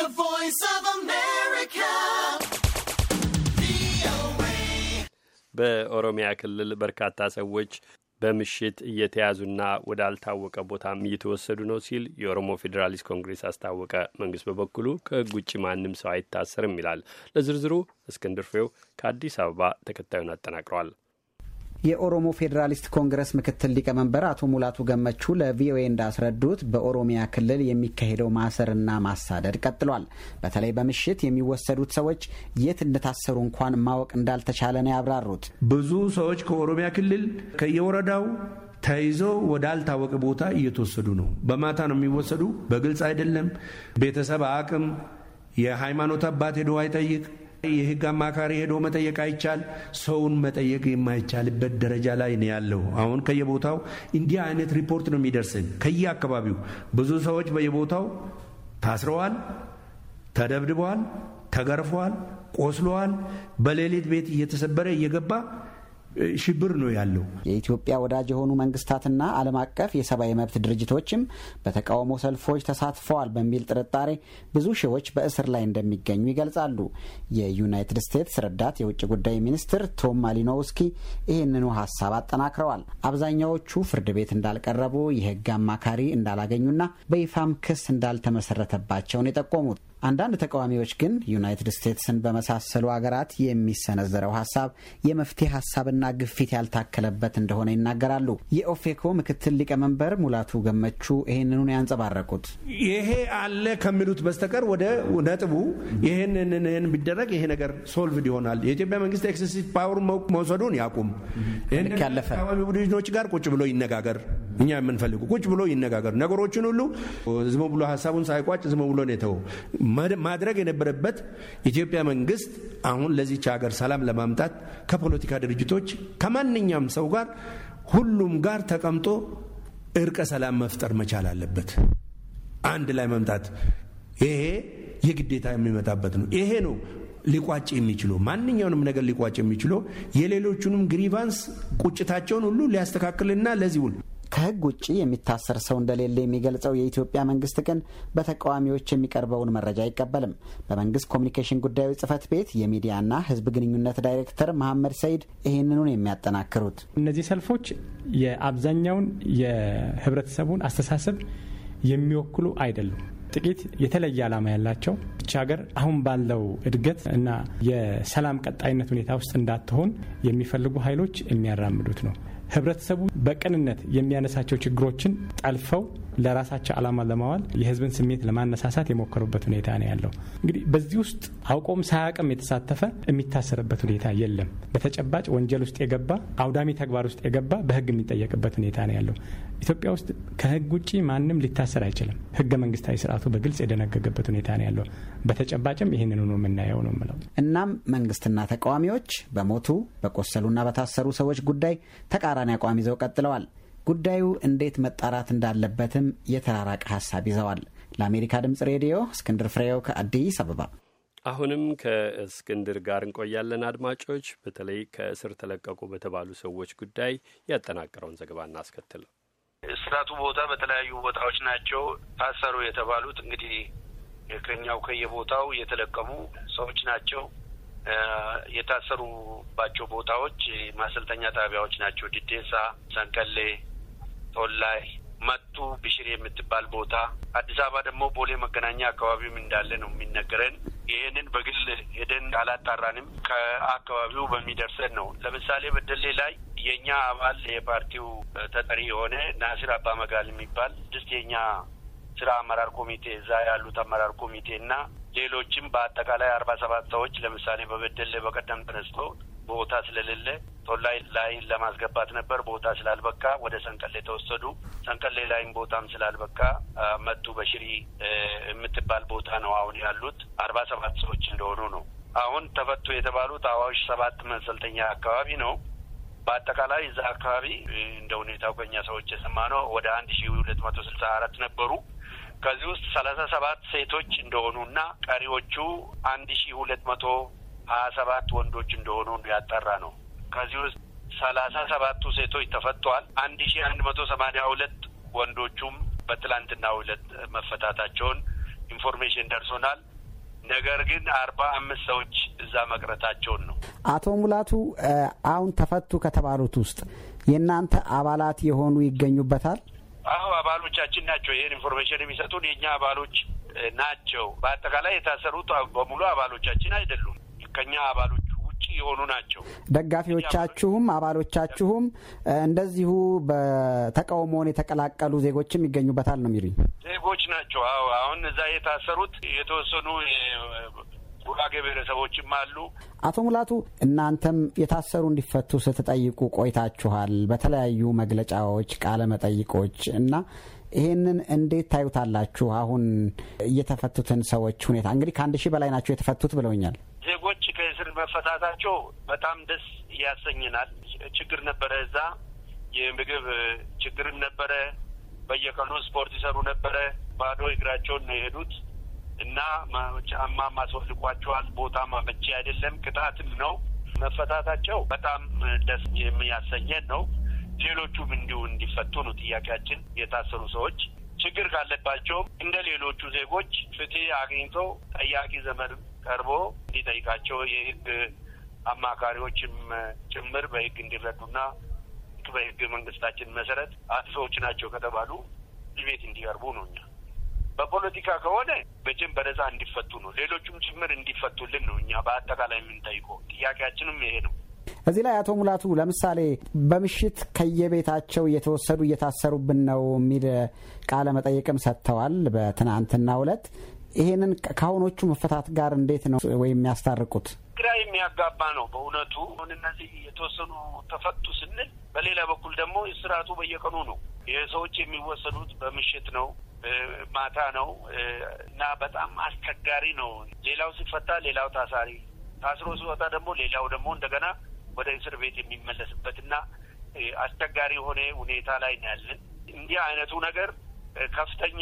The Voice of America. በኦሮሚያ ክልል በርካታ ሰዎች በምሽት እየተያዙና ወዳልታወቀ ቦታም እየተወሰዱ ነው ሲል የኦሮሞ ፌዴራሊስት ኮንግሬስ አስታወቀ። መንግስት በበኩሉ ከህግ ውጭ ማንም ሰው አይታሰርም ይላል። ለዝርዝሩ እስክንድር ፍሬው ከአዲስ አበባ ተከታዩን አጠናቅሯል። የኦሮሞ ፌዴራሊስት ኮንግረስ ምክትል ሊቀመንበር አቶ ሙላቱ ገመቹ ለቪኦኤ እንዳስረዱት በኦሮሚያ ክልል የሚካሄደው ማሰርና ማሳደድ ቀጥሏል። በተለይ በምሽት የሚወሰዱት ሰዎች የት እንደታሰሩ እንኳን ማወቅ እንዳልተቻለ ነው ያብራሩት። ብዙ ሰዎች ከኦሮሚያ ክልል ከየወረዳው ተይዘው ወዳልታወቀ ቦታ እየተወሰዱ ነው። በማታ ነው የሚወሰዱ። በግልጽ አይደለም። ቤተሰብ አቅም የሃይማኖት አባት ሄዶ አይጠይቅ የህግ አማካሪ ሄዶ መጠየቅ አይቻል፣ ሰውን መጠየቅ የማይቻልበት ደረጃ ላይ ነው ያለው። አሁን ከየቦታው እንዲህ አይነት ሪፖርት ነው የሚደርስን ከየአካባቢው። ብዙ ሰዎች በየቦታው ታስረዋል፣ ተደብድበዋል፣ ተገርፈዋል፣ ቆስለዋል። በሌሊት ቤት እየተሰበረ እየገባ ሽብር ነው ያለው። የኢትዮጵያ ወዳጅ የሆኑ መንግስታትና ዓለም አቀፍ የሰብአዊ መብት ድርጅቶችም በተቃውሞ ሰልፎች ተሳትፈዋል በሚል ጥርጣሬ ብዙ ሺዎች በእስር ላይ እንደሚገኙ ይገልጻሉ። የዩናይትድ ስቴትስ ረዳት የውጭ ጉዳይ ሚኒስትር ቶም ማሊኖውስኪ ይህንኑ ሀሳብ አጠናክረዋል። አብዛኛዎቹ ፍርድ ቤት እንዳልቀረቡ፣ የህግ አማካሪ እንዳላገኙና በይፋም ክስ እንዳልተመሰረተባቸውን የጠቆሙት አንዳንድ ተቃዋሚዎች ግን ዩናይትድ ስቴትስን በመሳሰሉ አገራት የሚሰነዘረው ሀሳብ የመፍትሄ ሀሳብና ግፊት ያልታከለበት እንደሆነ ይናገራሉ። የኦፌኮ ምክትል ሊቀመንበር ሙላቱ ገመቹ ይህንኑን ያንጸባረቁት ይሄ አለ ከሚሉት በስተቀር ወደ ነጥቡ ይህንን ቢደረግ ይሄ ነገር ሶልቭ ይሆናል። የኢትዮጵያ መንግስት ኤክሴሲቭ ፓወር መውሰዱን ያቁም። ተቃዋሚ ቡድኖች ጋር ቁጭ ብሎ ይነጋገር። እኛ የምንፈልጉ ቁጭ ብሎ ይነጋገር። ነገሮችን ሁሉ ዝም ብሎ ሀሳቡን ሳይቋጭ ዝም ብሎ ነው የተወው። ማድረግ የነበረበት ኢትዮጵያ መንግስት አሁን ለዚች ሀገር ሰላም ለማምጣት ከፖለቲካ ድርጅቶች ከማንኛውም ሰው ጋር ሁሉም ጋር ተቀምጦ እርቀ ሰላም መፍጠር መቻል አለበት። አንድ ላይ መምጣት ይሄ የግዴታ የሚመጣበት ነው። ይሄ ነው ሊቋጭ የሚችለው ማንኛውንም ነገር ሊቋጭ የሚችለው የሌሎቹንም ግሪቫንስ ቁጭታቸውን ሁሉ ሊያስተካክልና ለዚህ ሁሉ ከህግ ውጭ የሚታሰር ሰው እንደሌለ የሚገልጸው የኢትዮጵያ መንግስት ግን በተቃዋሚዎች የሚቀርበውን መረጃ አይቀበልም። በመንግስት ኮሚኒኬሽን ጉዳዮች ጽህፈት ቤት የሚዲያና ህዝብ ግንኙነት ዳይሬክተር መሐመድ ሰይድ ይህንኑን የሚያጠናክሩት እነዚህ ሰልፎች የአብዛኛውን የህብረተሰቡን አስተሳሰብ የሚወክሉ አይደሉም። ጥቂት የተለየ ዓላማ ያላቸው ብቻ ሀገር አሁን ባለው እድገት እና የሰላም ቀጣይነት ሁኔታ ውስጥ እንዳትሆን የሚፈልጉ ኃይሎች የሚያራምዱት ነው። ህብረተሰቡ በቅንነት የሚያነሳቸው ችግሮችን ጠልፈው ለራሳቸው ዓላማ ለማዋል የህዝብን ስሜት ለማነሳሳት የሞከሩበት ሁኔታ ነው ያለው። እንግዲህ በዚህ ውስጥ አውቆም ሳያቅም የተሳተፈ የሚታሰርበት ሁኔታ የለም። በተጨባጭ ወንጀል ውስጥ የገባ አውዳሚ ተግባር ውስጥ የገባ በህግ የሚጠየቅበት ሁኔታ ነው ያለው። ኢትዮጵያ ውስጥ ከህግ ውጭ ማንም ሊታሰር አይችልም። ህገ መንግስታዊ ስርዓቱ በግልጽ የደነገገበት ሁኔታ ነው ያለው። በተጨባጭም ይህንኑ ነው የምናየው ነው ምለው። እናም መንግስትና ተቃዋሚዎች በሞቱ በቆሰሉና በታሰሩ ሰዎች ጉዳይ ተቃራኒ አቋም ይዘው ቀጥለዋል። ጉዳዩ እንዴት መጣራት እንዳለበትም የተራራቀ ሀሳብ ይዘዋል። ለአሜሪካ ድምጽ ሬዲዮ እስክንድር ፍሬው ከአዲስ አበባ። አሁንም ከእስክንድር ጋር እንቆያለን። አድማጮች፣ በተለይ ከእስር ተለቀቁ በተባሉ ሰዎች ጉዳይ ያጠናቀረውን ዘገባ እናስከትል። እስራቱ ቦታ በተለያዩ ቦታዎች ናቸው ታሰሩ የተባሉት እንግዲህ ከኛው ከየቦታው የተለቀሙ ሰዎች ናቸው። የታሰሩባቸው ቦታዎች ማሰልጠኛ ጣቢያዎች ናቸው። ድዴሳ፣ ሰንቀሌ ቶል ላይ መቱ ብሽር የምትባል ቦታ አዲስ አበባ ደግሞ ቦሌ መገናኛ አካባቢም እንዳለ ነው የሚነገረን። ይህንን በግል ሄደን አላጣራንም። ከአካባቢው በሚደርሰን ነው። ለምሳሌ በደሌ ላይ የእኛ አባል የፓርቲው ተጠሪ የሆነ ናስር አባ መጋል የሚባል ስድስት የእኛ ስራ አመራር ኮሚቴ እዛ ያሉት አመራር ኮሚቴ እና ሌሎችም በአጠቃላይ አርባ ሰባት ሰዎች ለምሳሌ በበደሌ በቀደም ተነስቶ ቦታ ስለሌለ ቶላይ ላይ ለማስገባት ነበር። ቦታ ስላልበቃ ወደ ሰንቀሌ ተወሰዱ። ሰንቀሌ ላይም ቦታም ስላልበቃ መቱ በሽሪ የምትባል ቦታ ነው አሁን ያሉት። አርባ ሰባት ሰዎች እንደሆኑ ነው አሁን ተፈቱ የተባሉት። አዋሽ ሰባት መሰልተኛ አካባቢ ነው። በአጠቃላይ እዛ አካባቢ እንደ ሁኔታው ከኛ ሰዎች የሰማ ነው ወደ አንድ ሺ ሁለት መቶ ስልሳ አራት ነበሩ ከዚህ ውስጥ ሰላሳ ሰባት ሴቶች እንደሆኑና ቀሪዎቹ አንድ ሺ ሁለት መቶ ሀያ ሰባት ወንዶች እንደሆኑ ያጠራ ነው። ከዚህ ውስጥ ሰላሳ ሰባቱ ሴቶች ተፈቷል። አንድ ሺ አንድ መቶ ሰማኒያ ሁለት ወንዶቹም በትላንትና ሁለት መፈታታቸውን ኢንፎርሜሽን ደርሶናል። ነገር ግን አርባ አምስት ሰዎች እዛ መቅረታቸውን ነው። አቶ ሙላቱ አሁን ተፈቱ ከተባሉት ውስጥ የእናንተ አባላት የሆኑ ይገኙበታል? አሁ አባሎቻችን ናቸው። ይህን ኢንፎርሜሽን የሚሰጡን የእኛ አባሎች ናቸው። በአጠቃላይ የታሰሩት በሙሉ አባሎቻችን አይደሉም። ከኛ አባሎች የሆኑ ናቸው። ደጋፊዎቻችሁም አባሎቻችሁም እንደዚሁ በተቃውሞውን የተቀላቀሉ ዜጎችም ይገኙበታል ነው የሚሉኝ? ዜጎች ናቸው። አዎ አሁን እዛ የታሰሩት የተወሰኑ ጉራጌ ብሔረሰቦችም አሉ። አቶ ሙላቱ እናንተም የታሰሩ እንዲፈቱ ስትጠይቁ ቆይታችኋል በተለያዩ መግለጫዎች፣ ቃለ መጠይቆች እና ይሄንን እንዴት ታዩታላችሁ? አሁን እየተፈቱትን ሰዎች ሁኔታ እንግዲህ ከአንድ ሺህ በላይ ናቸው የተፈቱት ብለውኛል ዜጎች መፈታታቸው በጣም ደስ ያሰኝናል። ችግር ነበረ፣ እዛ የምግብ ችግርም ነበረ። በየቀኑ ስፖርት ይሰሩ ነበረ። ባዶ እግራቸውን ነው የሄዱት እና ጫማ ማስወልቋቸዋል። ቦታ ማመቼ አይደለም፣ ቅጣትም ነው። መፈታታቸው በጣም ደስ የሚያሰኘን ነው። ሌሎቹም እንዲሁ እንዲፈቱ ነው ጥያቄያችን። የታሰሩ ሰዎች ችግር ካለባቸውም እንደ ሌሎቹ ዜጎች ፍትህ አግኝቶ ጠያቂ ዘመድም ቀርቦ እንዲጠይቃቸው የህግ አማካሪዎችም ጭምር በህግ እንዲረዱና በህግ መንግስታችን መሰረት አጥፊዎች ናቸው ከተባሉ ቤት እንዲቀርቡ ነው። እኛ በፖለቲካ ከሆነ በጀም በነጻ እንዲፈቱ ነው፣ ሌሎቹም ጭምር እንዲፈቱልን ነው። እኛ በአጠቃላይ የምንጠይቀው ጥያቄያችንም ይሄ ነው። እዚህ ላይ አቶ ሙላቱ ለምሳሌ በምሽት ከየቤታቸው እየተወሰዱ እየታሰሩብን ነው የሚል ቃለ መጠይቅም ሰጥተዋል። በትናንትናው ዕለት ይሄንን ከአሁኖቹ መፈታት ጋር እንዴት ነው ወይም የሚያስታርቁት? ግራ የሚያጋባ ነው በእውነቱ። አሁን እነዚህ የተወሰኑ ተፈቱ ስንል፣ በሌላ በኩል ደግሞ ስርዓቱ በየቀኑ ነው። የሰዎች የሚወሰዱት በምሽት ነው፣ ማታ ነው እና በጣም አስቸጋሪ ነው። ሌላው ሲፈታ ሌላው ታሳሪ ታስሮ ሲወጣ ደግሞ ሌላው ደግሞ እንደገና ወደ እስር ቤት የሚመለስበት እና አስቸጋሪ የሆነ ሁኔታ ላይ ነው ያለን። እንዲህ አይነቱ ነገር ከፍተኛ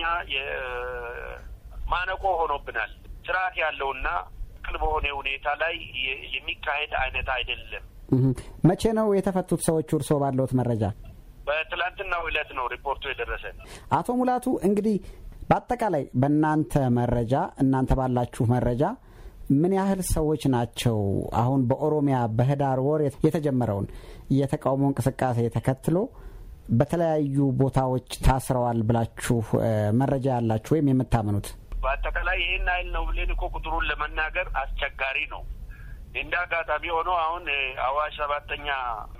ማነቆ ሆኖብናል። ስርዓት ያለውና ቅል በሆነ ሁኔታ ላይ የሚካሄድ አይነት አይደለም። መቼ ነው የተፈቱት ሰዎች እርስዎ ባለዎት መረጃ? በትላንትናው ዕለት ነው ሪፖርቱ የደረሰን። አቶ ሙላቱ እንግዲህ በአጠቃላይ በእናንተ መረጃ እናንተ ባላችሁ መረጃ ምን ያህል ሰዎች ናቸው አሁን በኦሮሚያ በህዳር ወር የተጀመረውን የተቃውሞ እንቅስቃሴ ተከትሎ በተለያዩ ቦታዎች ታስረዋል ብላችሁ መረጃ ያላችሁ ወይም የምታምኑት? በአጠቃላይ ይህን አይል ነው ብለን እኮ ቁጥሩን ለመናገር አስቸጋሪ ነው። እንደ አጋጣሚ ሆኖ አሁን አዋሽ ሰባተኛ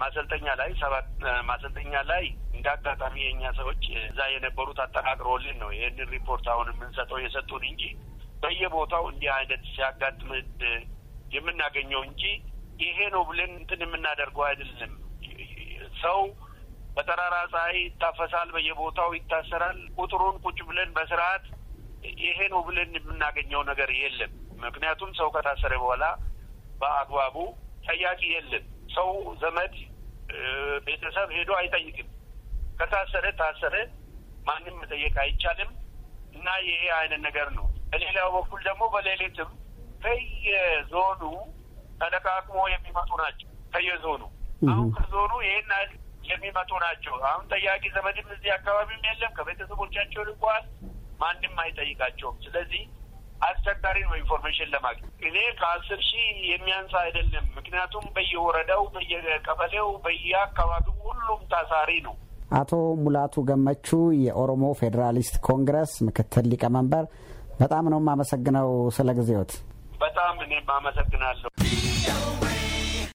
ማሰልጠኛ ላይ ሰባት ማሰልጠኛ ላይ እንደ አጋጣሚ የእኛ ሰዎች እዛ የነበሩት አጠቃቅሮልን ነው ይህንን ሪፖርት አሁን የምንሰጠው የሰጡን እንጂ በየቦታው እንዲህ አይነት ሲያጋጥም የምናገኘው እንጂ ይሄ ነው ብለን እንትን የምናደርገው አይደለም። ሰው በጠራራ ፀሐይ ይታፈሳል፣ በየቦታው ይታሰራል። ቁጥሩን ቁጭ ብለን በስርዓት ይሄ ነው ብለን የምናገኘው ነገር የለም። ምክንያቱም ሰው ከታሰረ በኋላ በአግባቡ ጠያቂ የለም። ሰው ዘመድ፣ ቤተሰብ ሄዶ አይጠይቅም። ከታሰረ ታሰረ፣ ማንም መጠየቅ አይቻልም እና ይሄ አይነት ነገር ነው። በሌላው በኩል ደግሞ በሌሊትም ከየዞኑ ተለቃቅሞ የሚመጡ ናቸው። ከየዞኑ አሁን ከዞኑ ይህን የሚመጡ ናቸው። አሁን ጠያቂ ዘመድም እዚህ አካባቢም የለም። ከቤተሰቦቻቸው ልኳል ማንም አይጠይቃቸውም። ስለዚህ አስቸጋሪ ነው ኢንፎርሜሽን ለማግኘት። እኔ ከአስር ሺህ የሚያንሳ አይደለም። ምክንያቱም በየወረዳው፣ በየቀበሌው፣ በየአካባቢው ሁሉም ታሳሪ ነው። አቶ ሙላቱ ገመቹ የኦሮሞ ፌዴራሊስት ኮንግረስ ምክትል ሊቀመንበር፣ በጣም ነው የማመሰግነው ስለ ጊዜዎት። በጣም እኔም አመሰግናለሁ።